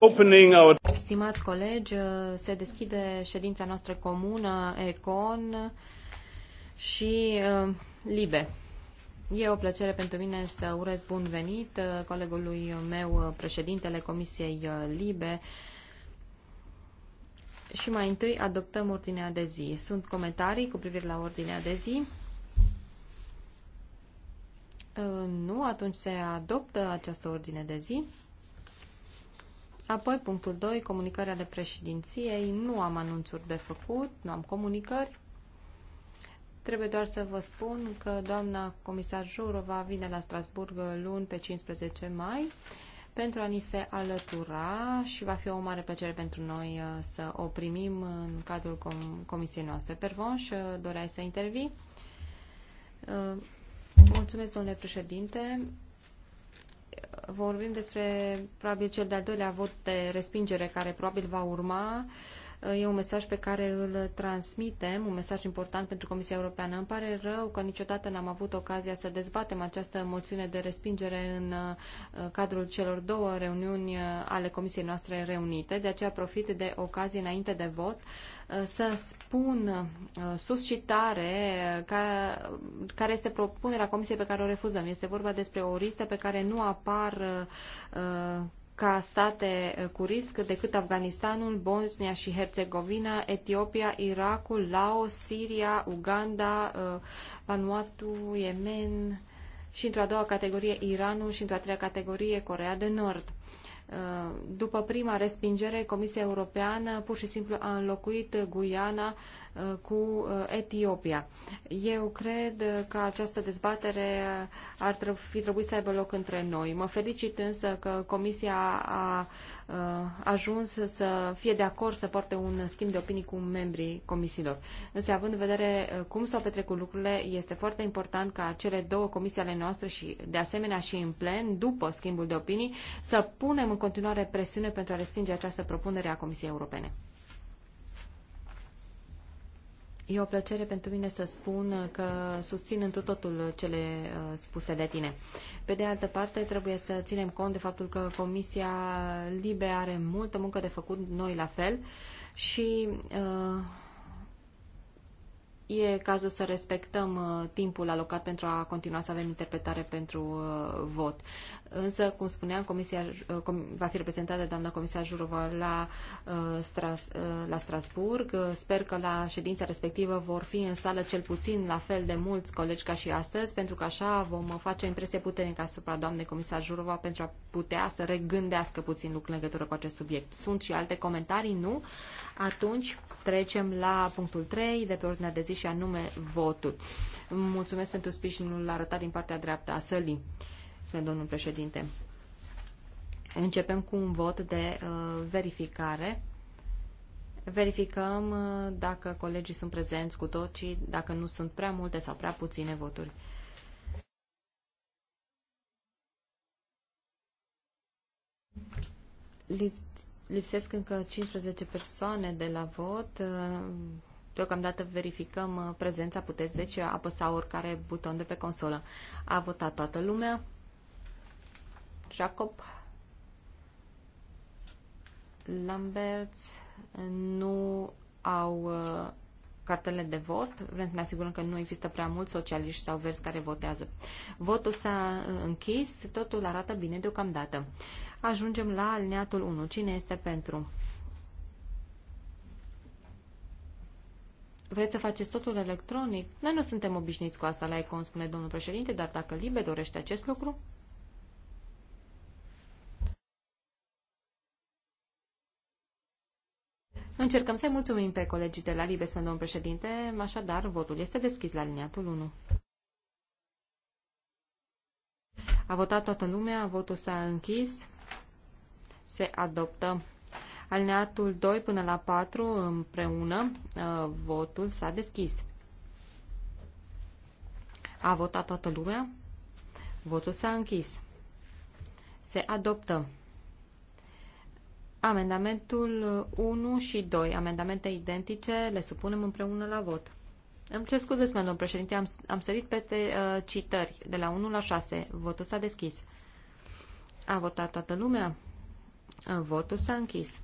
Opening our... Stimați colegi, se deschide ședința noastră comună ECON și uh, LIBE. E o plăcere pentru mine să urez bun venit uh, colegului meu, uh, președintele Comisiei uh, LIBE. Și mai întâi adoptăm ordinea de zi. Sunt comentarii cu privire la ordinea de zi. Uh, nu, atunci se adoptă această ordine de zi. Apoi, punctul 2, comunicarea de președinției. Nu am anunțuri de făcut, nu am comunicări. Trebuie doar să vă spun că doamna comisar Jurova vine la Strasburg luni pe 15 mai pentru a ni se alătura și va fi o mare plăcere pentru noi uh, să o primim în cadrul com- comisiei noastre. Pervonș, uh, doreai să intervii? Uh, mulțumesc, domnule președinte. Vorbim despre probabil cel de-al doilea vot de respingere care probabil va urma. Uh, E un mesaj pe care îl transmitem, un mesaj important pentru Comisia Europeană. Îmi pare rău că niciodată n-am avut ocazia să dezbatem această moțiune de respingere în uh, cadrul celor două reuniuni uh, ale Comisiei noastre reunite. De aceea profit de ocazie înainte de vot uh, să spun suscitare ca, care este propunerea Comisiei pe care o refuzăm. Este vorba despre o listă pe care nu apar ca state eh, cu risc decât Afganistanul, Bosnia și Herțegovina, Etiopia, Irakul, Laos, Siria, Uganda, eh, Vanuatu, Yemen și într-o a doua categorie Iranul și într-o a treia categorie Corea de Nord. Eh, după prima respingere, Comisia Europeană pur și simplu a înlocuit Guyana Uh, cu uh, Etiopia. Eu cred că această dezbatere ar fi trebuit să aibă loc între noi. Mă felicit însă că Comisia uh, a ajuns să fie de acord să poarte un schimb de opinii cu membrii comisiilor. Însă, având în vedere cum s-au petrecut lucrurile, este foarte important ca cele două comisii ale noastre și, de asemenea, și în plen, după schimbul de opinii, să punem în continuare presiune pentru a respinge această propunere a Comisiei Europene. E o plăcere pentru mine să spun că susțin întru totul cele uh, spuse de tine. Pe de altă parte, trebuie să ținem cont de faptul că Comisia Libe are multă muncă de făcut, noi la fel, și uh, e cazul să respectăm uh, timpul alocat pentru a continua să avem interpretare pentru uh, vot. Însă, cum spuneam, comisia uh, va fi reprezentată doamna comisar Jurova la, Stras, la Strasburg. Sper că la ședința respectivă vor fi în sală cel puțin la fel de mulți colegi ca și astăzi, pentru că așa vom face o impresie puternică asupra doamnei comisar Jurova pentru a putea să regândească puțin lucrurile în legătură cu acest subiect. Sunt și alte comentarii? Nu? Atunci trecem la punctul 3 de pe ordinea de zi și anume votul. Mulțumesc pentru sprijinul arătat din partea dreaptă a sălii, spune domnul președinte. Începem cu un vot de uh, verificare. Verificăm uh, dacă colegii sunt prezenți cu toții, dacă nu sunt prea multe sau prea puține voturi. lipsesc încă 15 persoane de la vot. Uh, Deocamdată verificăm uh, prezența, puteți deci apăsa oricare buton de pe consolă. A votat toată lumea. Jacob. Lambert nu au uh, cartele de vot. Vrem să ne asigurăm că nu există prea mulți socialiști sau verzi care votează. Votul s-a uh, închis, totul arată bine deocamdată. Ajungem la alineatul 1. Cine este pentru? Vreți să faceți totul electronic? Noi nu suntem obișnuiți cu asta la Econ, spune domnul președinte, dar dacă Libe dorește acest lucru... Încercăm să-i mulțumim pe colegii de la Libe, spune domnul președinte, așadar votul este deschis la liniatul 1. A votat toată lumea, votul s-a închis, se adoptă. Alineatul 2 până la 4 împreună, uh, votul s-a deschis. A votat toată lumea? Votul s-a închis. Se adoptă. Amendamentul 1 și 2, amendamente identice, le supunem împreună la vot. Îmi cer scuze, domnul președinte, am, am sărit peste uh, citări, de la 1 la 6. Votul s-a deschis. A votat toată lumea? Votul s-a închis.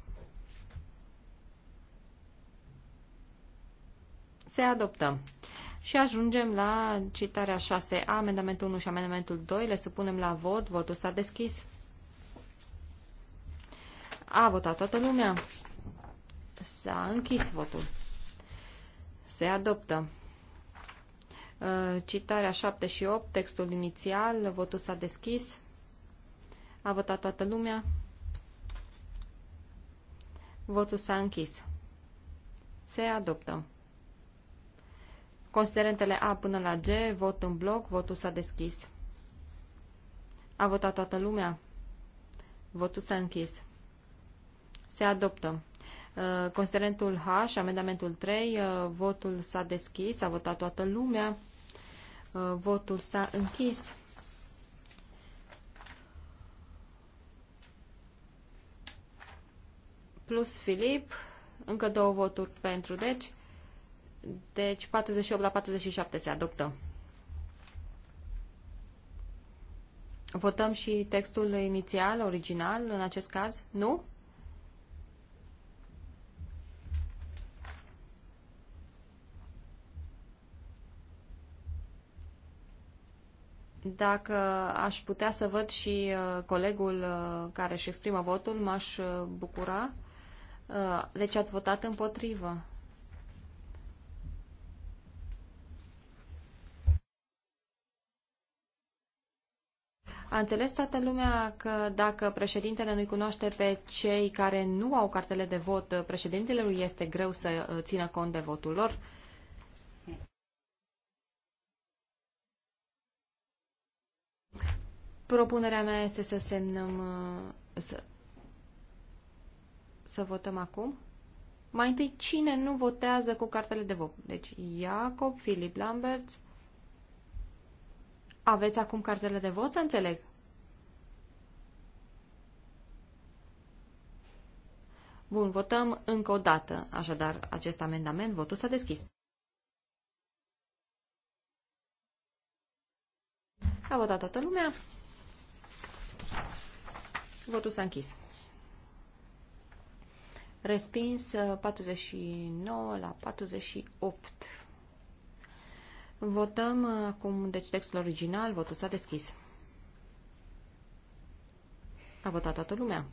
se adoptă. Și ajungem la citarea 6a, amendamentul 1 și amendamentul 2. Le supunem la vot. Votul s-a deschis. A votat toată lumea. S-a închis votul. Se adoptă. Uh, citarea 7 și 8, textul inițial, votul s-a deschis. A votat toată lumea. Votul s-a închis. Se adoptă. Considerentele A până la G, vot în bloc, votul s-a deschis. A votat toată lumea? Votul s-a închis. Se adoptă. Uh, considerentul H, amendamentul 3, uh, votul s-a deschis, a votat toată lumea, uh, votul s-a închis. Plus Filip, încă două voturi pentru, deci deci 48 la 47 se adoptă. Votăm și textul inițial, original, în acest caz? Nu? Dacă aș putea să văd și uh, colegul uh, care își exprimă votul, m-aș uh, bucura. Deci ați votat împotrivă. A înțeles toată lumea că dacă președintele nu-i cunoaște pe cei care nu au cartele de vot, președintele lui este greu să uh, țină cont de votul lor? Propunerea mea este să semnăm, uh, să, să votăm acum. Mai întâi, cine nu votează cu cartele de vot? Deci, Iacob, Filip Lambert, aveți acum cartele de vot, să înțeleg? Bun, votăm încă o dată, așadar, acest amendament. Votul s-a deschis. A votat toată lumea. Votul s-a închis. Respins 49 uh, la 48. Votăm uh, acum, deci, textul original. Votul s-a deschis. A votat toată lumea.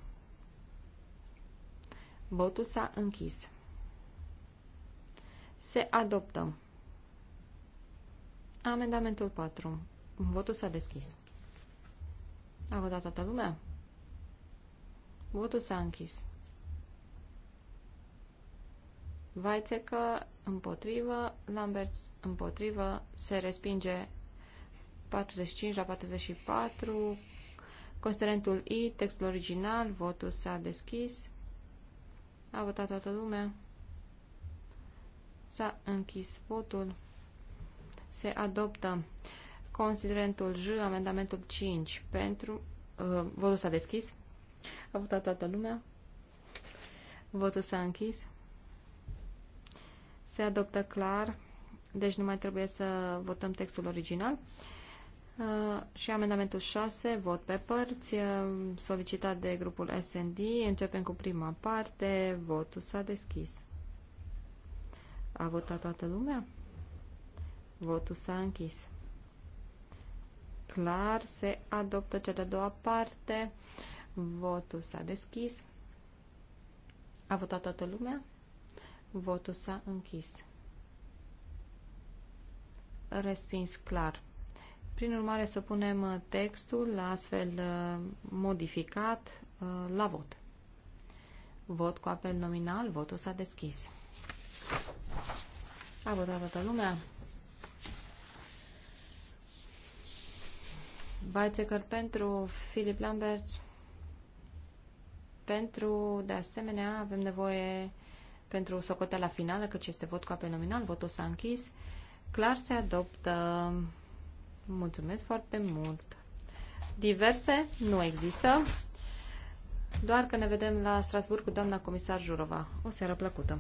Votul s-a închis. Se adoptă. Amendamentul 4. Votul s-a deschis. A votat toată lumea? Votul s-a închis. Vaițecă împotrivă, Lambert împotrivă, se respinge 45 la 44, considerentul I, textul original, votul s-a deschis, a votat toată lumea, s-a închis votul, se adoptă considerentul J, amendamentul 5, pentru, uh, votul s-a deschis, a votat toată lumea, votul s-a închis, se adoptă clar, deci nu mai trebuie să votăm textul original. Uh, și amendamentul 6, vot pe părți, uh, solicitat de grupul SND. Începem cu prima parte, votul s-a deschis. A votat toată lumea? Votul s-a închis. Clar, se adoptă cea de-a doua parte. Votul s-a deschis. A votat toată lumea? Votul s-a închis. Respins clar. Prin urmare, să punem uh, textul astfel uh, modificat uh, la vot. Vot cu apel nominal, votul s-a deschis. A votat toată lumea. Weizsäcker pentru Filip Lambert. Pentru, de asemenea, avem nevoie pentru socoteala finală, căci este vot cu apel nominal, votul s-a închis. Clar se adoptă. Mulțumesc foarte mult. Diverse nu există. Doar că ne vedem la Strasburg cu doamna comisar Jurova. O seară plăcută!